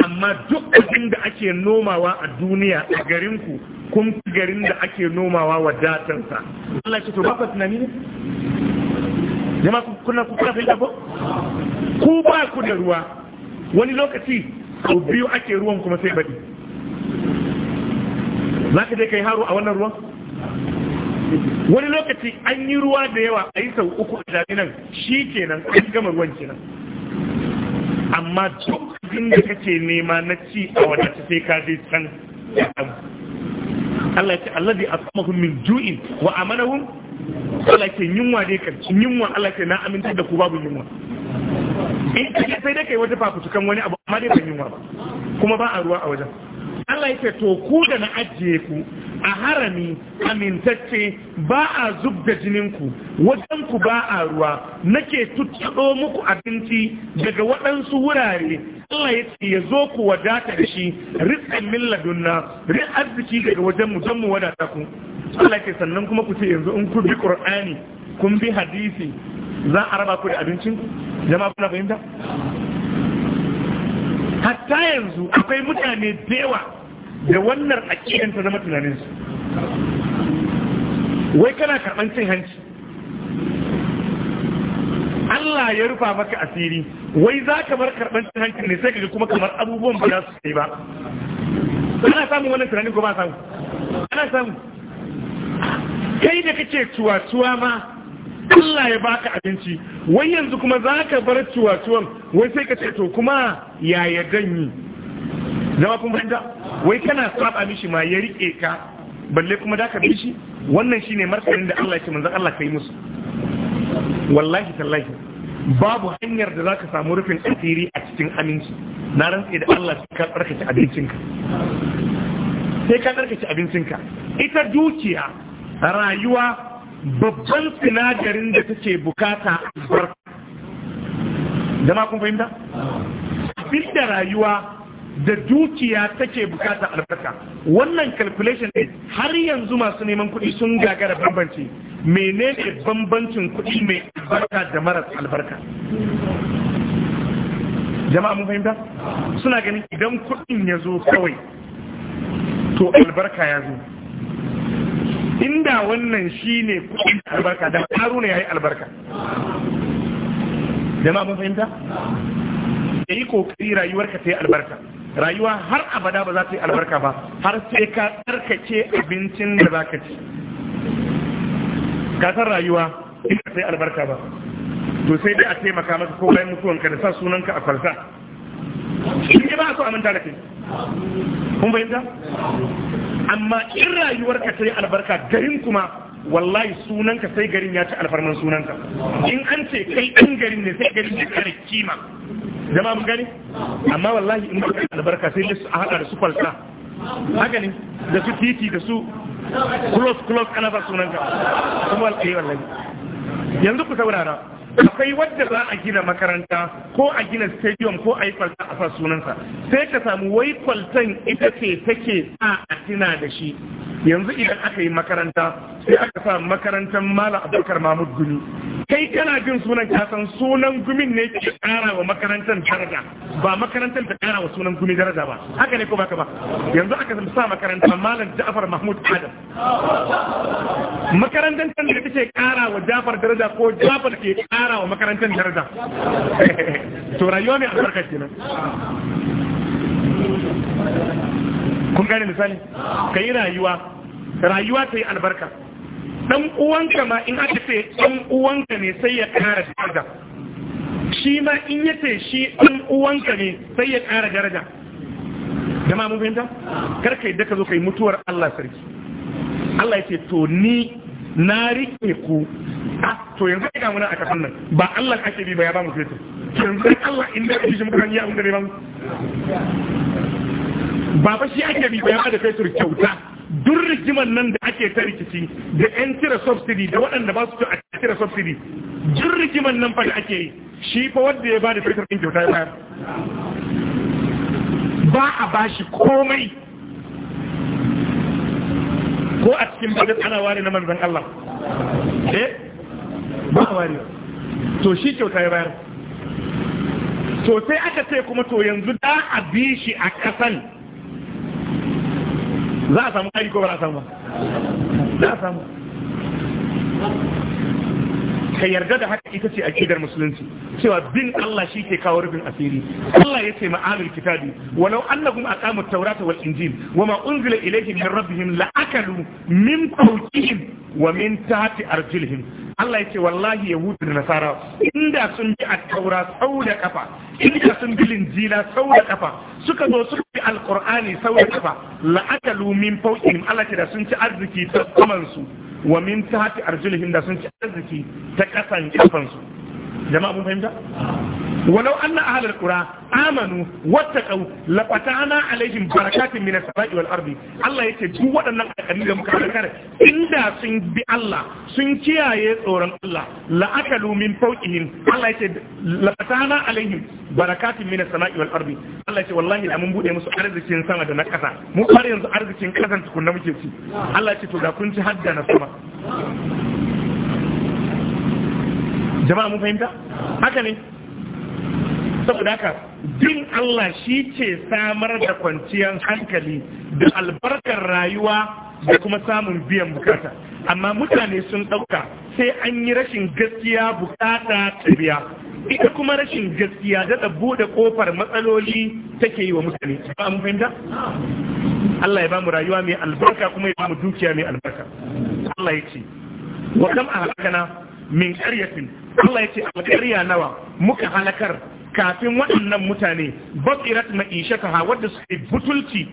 amma duk abin da ake nomawa a duniya a garinku kun fi garin da ake nomawa wa datansa Allah ce to ba ku tunani ne jama kuna ku kafa fahimta ko ku ba ku da ruwa wani lokaci ku biyu ake ruwan kuma sai badi? za ka je kai haro a wannan ruwan wani lokaci an yi ruwa da yawa a yi sau uku a jami'an shi kenan an gama ruwan kenan amma duk abin da kake nema na ci a wadata sai ka je can Allah ya ce Allah bai asamahum min ju'in wa hun Allah ke yunwa dai kan yunwa Allah ke na aminta da ku babu yunwa in sai dai kai wata fafutukan wani abu amma dai ban yunwa ba kuma ba a ruwa a wajen Allah yake to ku da na ajiye ku a harami amintacce ba a zub da jininku wajen ku ba a ruwa nake tuttaɗo muku abinci daga waɗansu wurare Allah ya ce ya zo ku wadata da shi rizqan min ladunna rin arziki daga wajen mu don mu wadata ku Allah sannan kuma ku ce yanzu in ku bi Qur'ani kun bi hadisi za a raba ku da abincin jama'a kuna fahimta hatta yanzu akwai mutane da yawa da wannan aƙidan ta zama tunaninsu wai kana karɓar cin hanci Allah ya rufa maka asiri wai za ka bar karɓar cin hanci ne sai ka kuma kamar abubuwan ba za su kai ba ana samun wannan tunanin ko ba samu ana samu kai da kake tuwa-tuwa ma Allah ya baka abinci wai yanzu kuma za ka bar ciwatuwan wai sai ka ce to kuma ya yaya ganyi zama kun fahimta wai kana saba mishi ma ya rike ka balle kuma da ka bi shi wannan shine martanin da Allah ya ce manzon Allah kai musu wallahi tallahi babu hanyar da zaka samu rufin asiri a cikin aminci na rantsi da Allah ka tsarkake abincinka sai ka abincin abincinka ita dukiya rayuwa babban sinadarin da take bukata albarka jama kun fahimta abin da rayuwa da dukiya take bukata albarka wannan calculation ne har yanzu masu neman kuɗi sun gagara bambanci menene bambancin kuɗi mai albarka da maras albarka jama'a mun fahimta suna ganin idan kuɗin ya zo kawai to albarka ya zo inda wannan shi ne kudin albarka da haruna yi albarka jama'a mun fahimta da yi kokari rayuwarka ta yi albarka rayuwa har abada ba za ta yi albarka ba har sai ka tsarkake abincin da za ka ci kasar rayuwa in ka sai albarka ba to sai dai a taimaka maka ko bayan ka da sa sunanka a kwalta in ba a so aminta da kai kun fahimta amma in rayuwarka ta yi albarka garin kuma wallahi sunanka sai garin ya ci alfarman sunanka in an ce kai ɗan garin ne sai garin ya kare kima jama mun gani amma wallahi in baka albarka sai dai a haɗa da su falsa haka ne da su titi da su close close ana ba sunanka kuma alƙayi wallahi yanzu ku saurara akwai wadda za a gina makaranta ko a gina stadium ko a yi kwalta a sa sunansa sai ka samu wai kwaltan ita ce take sa a tuna da shi yanzu idan aka yi makaranta sai aka sa makarantar Malam abubakar mahmud gumi kai kana jin sunan kasan sunan gumin ne ke kara wa makarantar daraja ba makarantar ta kara wa sunan gumi daraja ba haka ne ko baka ba yanzu aka sa makaranta malam ja'far mahmud adam makarantar ta ne take kara wa ja'far daraja ko ja'far ke kara wa makarantar daraja to rayuwa ne a kenan kun gane misali ka yi rayuwa rayuwa ta yi albarka dan uwanka ma in aka ce dan uwanka ne sai ya kara daraja shi ma in ya ce shi dan uwanka ne sai ya kara daraja jama'a mun fahimta kar kai da ka zo kai mutuwar Allah sarki Allah ya ce to ni na rike ku a ah, to yanzu ga muna a kafin nan ba Allah ake bi ba ya ba mu fetur yanzu Allah in da shi mukan yi abin da bai ba mu ba fa shi ake bi bayan da fetur kyauta duk rigiman nan da ake ta rikici da yan cire subsidy da waɗanda ba su a cire subsidy duk rigiman nan fa da ake yi shi fa wanda ya bada fetur din kyauta ya bayar ba a bashi komai ko a cikin bajet ana ware na manzan Allah eh ba a ware to shi kyauta ya bayar to sai aka ce kuma to yanzu da a bi shi a kasan za a samu ƙari ko ba za a samu ba za a samu ka yarda da haka ita ce akidar musulunci cewa bin Allah shi ke kawo rufin asiri Allah ya ce ma'alul kitabi walau annahum aqamu at-taurata wal injil wama unzila ilayhim min rabbihim la'akalu min fawqihim wa min tahti arjulihim Allah ya ce wallahi yahudu da nasara inda sun bi at-taura sau da kafa inda sun bi linjila sau da kafa suka zo suka bi alqur'ani sau da kafa la'akalu min fawqihim Allah ya ce da sun ci arziki ta kamansu wa min tahti arjulihim da sun ci arziki ta kasan kafansu jama'a mun fahimta walau anna ahlul qura amanu wattaqu lafatana alaihim barakatin minas samai wal ardi Allah yace duk waɗannan alƙalmi da muka kare. inda sun bi Allah sun kiyaye tsoron Allah la akalu min fawqihim Allah yace lafatana alaihim barakatin minas sama'i wal ardi Allah ce wallahi da mun bude musu arzikin sama da na kasa mu har yanzu arzikin kasan tukunna muke ci Allah ce to da kun ci hadda na sama jama'a mun fahimta haka ne saboda haka din Allah shi ce samar da kwanciyar hankali da albarkar rayuwa da kuma samun biyan bukata amma mutane sun ɗauka sai an yi rashin gaskiya bukata ta biya ita kuma rashin gaskiya daɗa buɗe ƙofar matsaloli take yi wa mutane ba mu fahimta Allah ya ba mu rayuwa mai albarka kuma ya ba mu dukiya mai albarka Allah ya ce wa kam alakana min qaryatin Allah ya ce alqarya nawa muka halakar kafin waɗannan mutane basirat ma'ishaka wadda suke butulci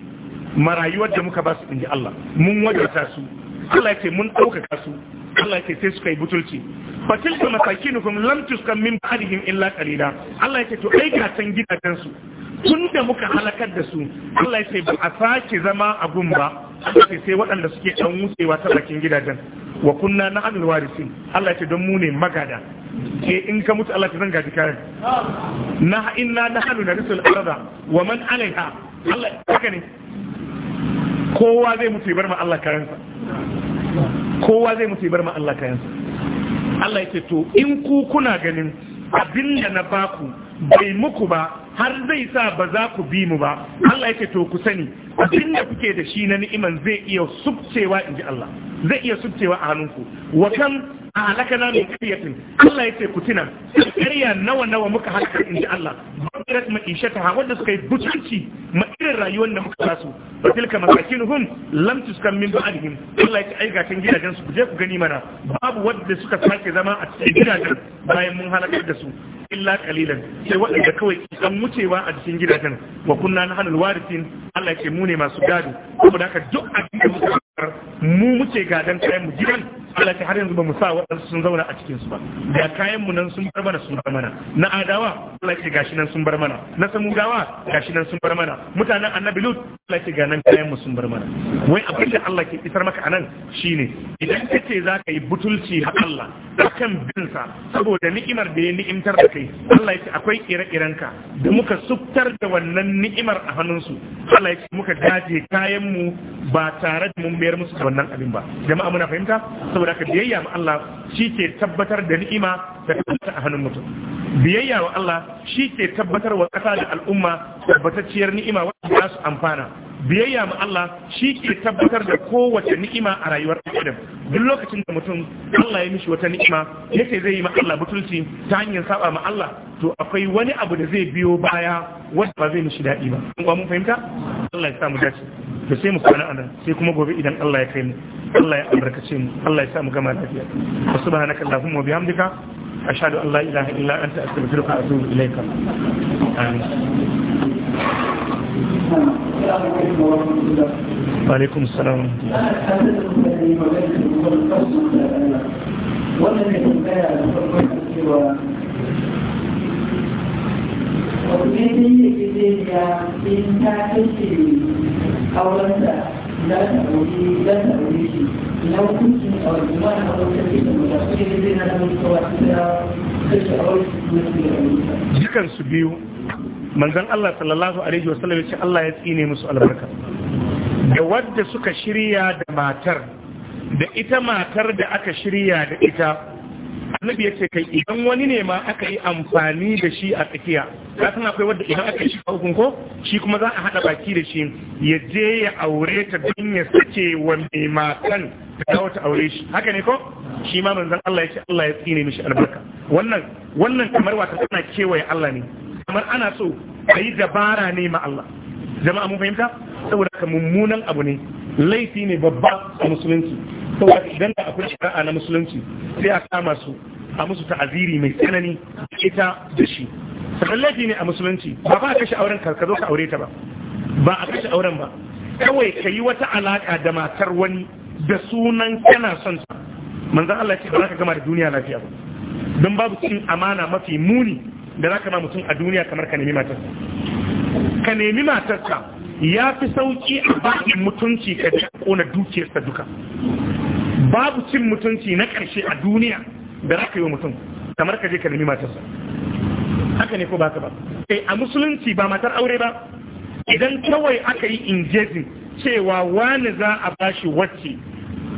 marayuwar da muka ba su inji Allah mun wajarta su Allah ce mun ɗaukaka su Allah ce sai suka yi butulci fatilka masakinukum lantus kan min ba'dihim illa qalila Allah ce to aiki a san gidajen su tun da muka halakar da su Allah ya ce ba a sake zama a gun ba Allah ya sai waɗanda suke ɗan wucewa ta bakin gidajen wa kunna na anil warisin Allah ya ce don mu ne magada ke in ka mutu Allah ya gaji kayan. na inna na narisul arda wa man alaiha Allah haka ne kowa zai mutu bar ma Allah kayansa kowa zai mutu bar ma Allah kayansa Allah yake to in ku kuna ganin abin da na baku bai muku ba har zai sa ba za ku bi mu ba Allah yake to ku sani abin da kuke da shi na ni'iman zai iya subcewa in ji Allah zai iya subcewa a hannunku wa kan a na mai kariyatin Allah ya ce ku tuna kariya nawa nawa muka halaka in ji Allah bakirat ma'ishata ha wanda suka yi butanci. ma irin rayuwar da muka rasu ba tilka masakinuhum lam tuskan min ba'dihim Allah ya aika kan gidajen su je ku gani mana babu wanda suka sake zama a cikin gidajen bayan mun halakar da su illa kalilan. sai waɗanda kawai san wucewa a cikin gidajen wa kunna nahnu alwarithin Allah ya ce mu ne masu gado saboda haka duk a da muka mu muce gadan kayan mu gidan Allah har yanzu ba mu sa waɗansu sun zauna a cikinsu ba da kayan mu nan sun bar mana sun bar mana na adawa Allah ce gashi nan sun bar mana na samugawa gashi nan sun bar mana mutanen annabi lut Allah ce ga kayan mu sun bar mana wai abin da Allah ke isar maka anan shine idan ka ce za yi butulci ha Allah akan sa saboda ni'imar da ya ni'imtar da kai Allah ya akwai ire iren ka da muka suktar da wannan ni'imar a hannunsu Allah ya ce muka gaje kayan mu ba tare da mun bayar musu wannan abin ba jama'a muna fahimta saboda ka biyayya ma Allah shi ke tabbatar da ni'ima da ta a hannun mutum biyayya wa Allah shi ke tabbatar wa ƙasa da al'umma tabbatacciyar ni'ima wanda za su amfana biyayya ma Allah shi ke tabbatar da kowace ni'ima a rayuwar adam duk lokacin da mutum Allah ya mishi wata ni'ima yace zai yi ma Allah butulci ta hanyar saba ma Allah to akwai wani abu da zai biyo baya wadda ba zai mishi daɗi ba kun mun fahimta Allah ya mu dace to sai mu kwana anan sai kuma gobe idan Allah ya kai mu Allah ya albarkace mu Allah ya mu gama lafiya subhanakallahumma wa bihamdika أشهد أن لا إله إلا أنت أستغفرك وأتوب إليك آمين وعليكم السلام ورحمة الله za ta ɗauki za ta ɗauki shi ina hukunci a al'umma na ɗaukar da ita mutum sai da zai na da mutuwa ta kashe a wani dukan su biyu manzon Allah sallallahu alaihi wasallam ya ce Allah ya tsine musu albarka da wadda suka shirya da matar da ita matar da aka shirya da ita annabi yace kai idan wani ne ma aka yi amfani da shi a tsakiya ka san akwai wanda idan aka yi shi hukun ko shi kuma za a hada baki da shi ya je ya aure ta don ya sace wa mai matan ta kawo ta aure shi haka ne ko shi ma manzon Allah yace Allah ya tsine mishi albarka wannan wannan kamar wata tana kewaye Allah ne kamar ana so a yi dabara ne ma Allah jama'a mun fahimta saboda ka mummunan abu ne laifi ne babba a musulunci saboda idan da akwai shara'a na musulunci sai a kama su a musu ta'aziri mai tsanani ita da shi sakan ne a musulunci ba ba a kashe auren ka zo ka aure ta ba ba a kashe auren ba kawai ka yi wata alaka da matar wani da sunan kana son ta manzan Allah ce ba za ka gama da duniya lafiya ba don babu cin amana mafi muni da za ka ma mutum a duniya kamar ka nemi matarsa ka nemi matarsa ya fi sauki a bakin mutunci ka da kona dukiyarsa duka babu cin mutunci na ƙarshe a duniya da aka yi wa mutum kamar ka je ka nemi matarsa haka ne ko ba ka ba eh a musulunci ba matar aure ba idan kawai aka yi injezin cewa wani za a bashi wacce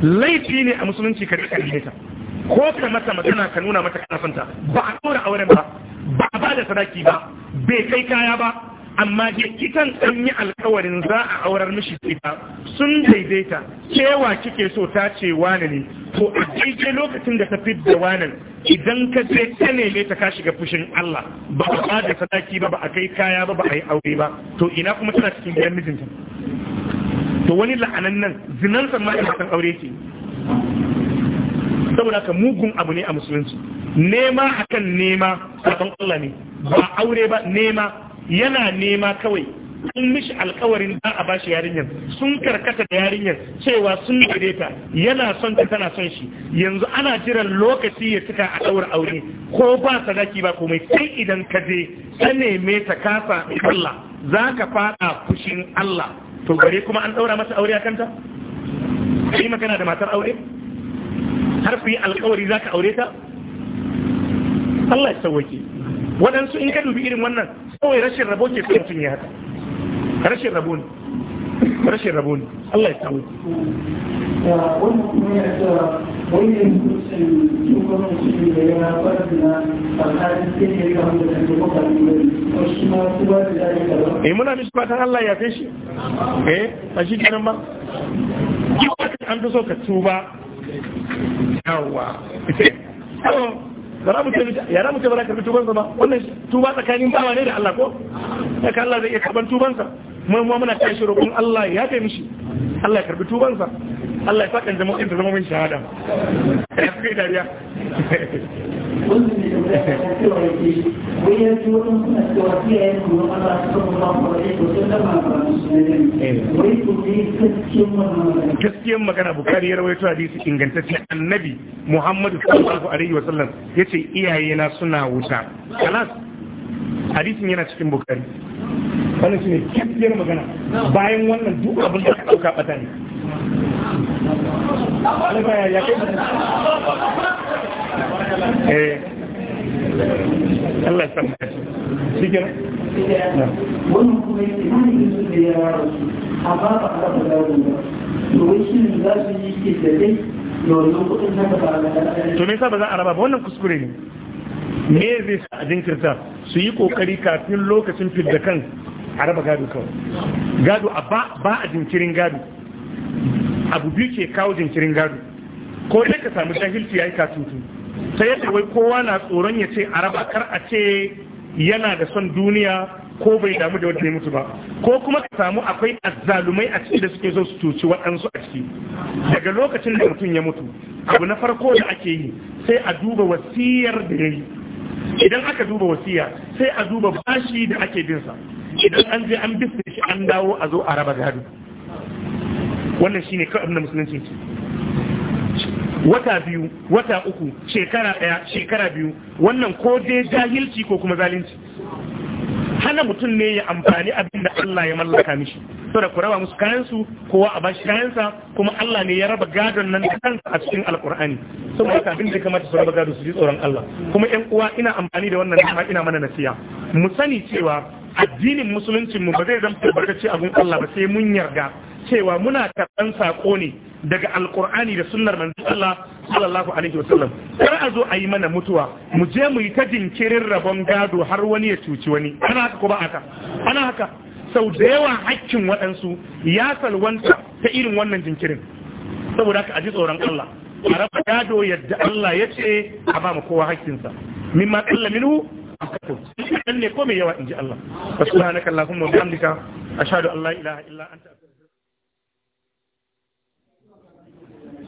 laifi ne a musulunci ka rika ta ko ka mata magana ka nuna mata kana ba a ɗora auren ba ba a ba da sadaki ba bai kai kaya ba amma ke kikan ɗan yi alkawarin za a aurar mishi kita sun daidaita cewa kike so ta ce wane ne to a daidai lokacin da ta da wanan idan ka je ta neme ta ka shiga fushin Allah ba a ba da sadaki ba ba a kai kaya ba ba a yi aure ba to ina kuma tana cikin gidan mijinta to wani la'anan nan zinan san ma san aure ce saboda ka mugun abu ne a musulunci nema akan nema sakon Allah ne ba aure ba nema yana nema kawai sun mishi alkawarin da a bashi yarinyar sun karkata da yarinyar cewa sun ta yana son ta tana son shi yanzu ana jiran lokaci ya cika a daura aure ko ba sadaki ba komai sai idan ka je ka neme ta kasa Allah za ka fada fushin Allah to gare kuma an daura masa aure a kanta kai magana da matar aure har fi alkawari za ka aure ta Allah ya sauwake waɗansu in ka dubi irin wannan kawai rashin rabo ke kuma mutum ya haka rashin rabo ne rashin rabo ne Allah ya kawo wani kuma ya wani yi a tsarin kuma da eh muna mishi fatan Allah ya fi shi eh a shi kenan ba an fi so ka tuba yawwa yara mutum ba za karbi tubansa ba wannan tuba tsakanin bawa ne da Allah ko k'a Allah zai iya karban tubansa mun ma muna tashi roƙon Allah ya kai mishi Allah ya karbi tubansa Allah ya sa kan jama'in ta zama min shahada ya kai dariya eh. gaskiyar magana bukari ya rawaito hadisi ingantacce annabi muhammadu sallallahu alaihi wa sallam yace iyaye na suna wuta kalas hadisin yana cikin bukari wannan shine gaskiyar magana bayan wannan duk abin da ka dauka bata ne eh Allah ya da ya ba shi za sa ba za a raba ba wannan kuskure ne me zai sa a jinkirta su yi kokari kafin lokacin fidda kan a raba gado kawai gado ba a jinkirin gado abu biyu ke kawo jinkirin gado ko ne ka samu jahilci ya yi katutu ta yadda wai kowa na tsoron ya ce a raba kar a ce yana da son duniya ko bai damu da wanda mutu ba ko kuma ka samu akwai azzalumai a ciki da suke so su tuci waɗansu a ciki daga lokacin da mutum ya mutu abu na farko da ake yi sai a duba wasiyar da ya yi idan aka duba wasiya sai a duba bashi da ake binsa idan an je an bisa shi an dawo a zo a raba gado wannan shine kawai na musulunci wata biyu wata uku shekara ɗaya shekara biyu wannan ko dai jahilci ko kuma zalunci hana mutum ne ya amfani abin da Allah ya mallaka mishi to da ku raba musu kayansu kowa a bashi kayansa kuma Allah ne ya raba gadon nan da kansa a cikin alkur'ani saboda haka abin da kamata su raba gado su ji tsoron Allah kuma ƴan uwa ina amfani da wannan dama ina mana nasiya mu sani cewa addinin musuluncin mu ba zai zama tabbatacce abin Allah ba sai mun yarda cewa muna karɓan saƙo ne daga alƙur'ani da sunnar manzo Allah sallallahu alaihi wasallam kar a zo a yi mana mutuwa mu je mu yi ta jinkirin rabon gado har wani ya cuci wani ana haka ko ba haka ana haka sau da yawa hakkin waɗansu ya salwanta ta irin wannan jinkirin saboda haka a ji tsoron Allah a raba gado yadda Allah ya ce a ba mu kowa hakkinsa mimma qalla minhu dan ne ko mai yawa inji Allah Wasu subhanaka allahumma wa bihamdika ashhadu an la ilaha illa anta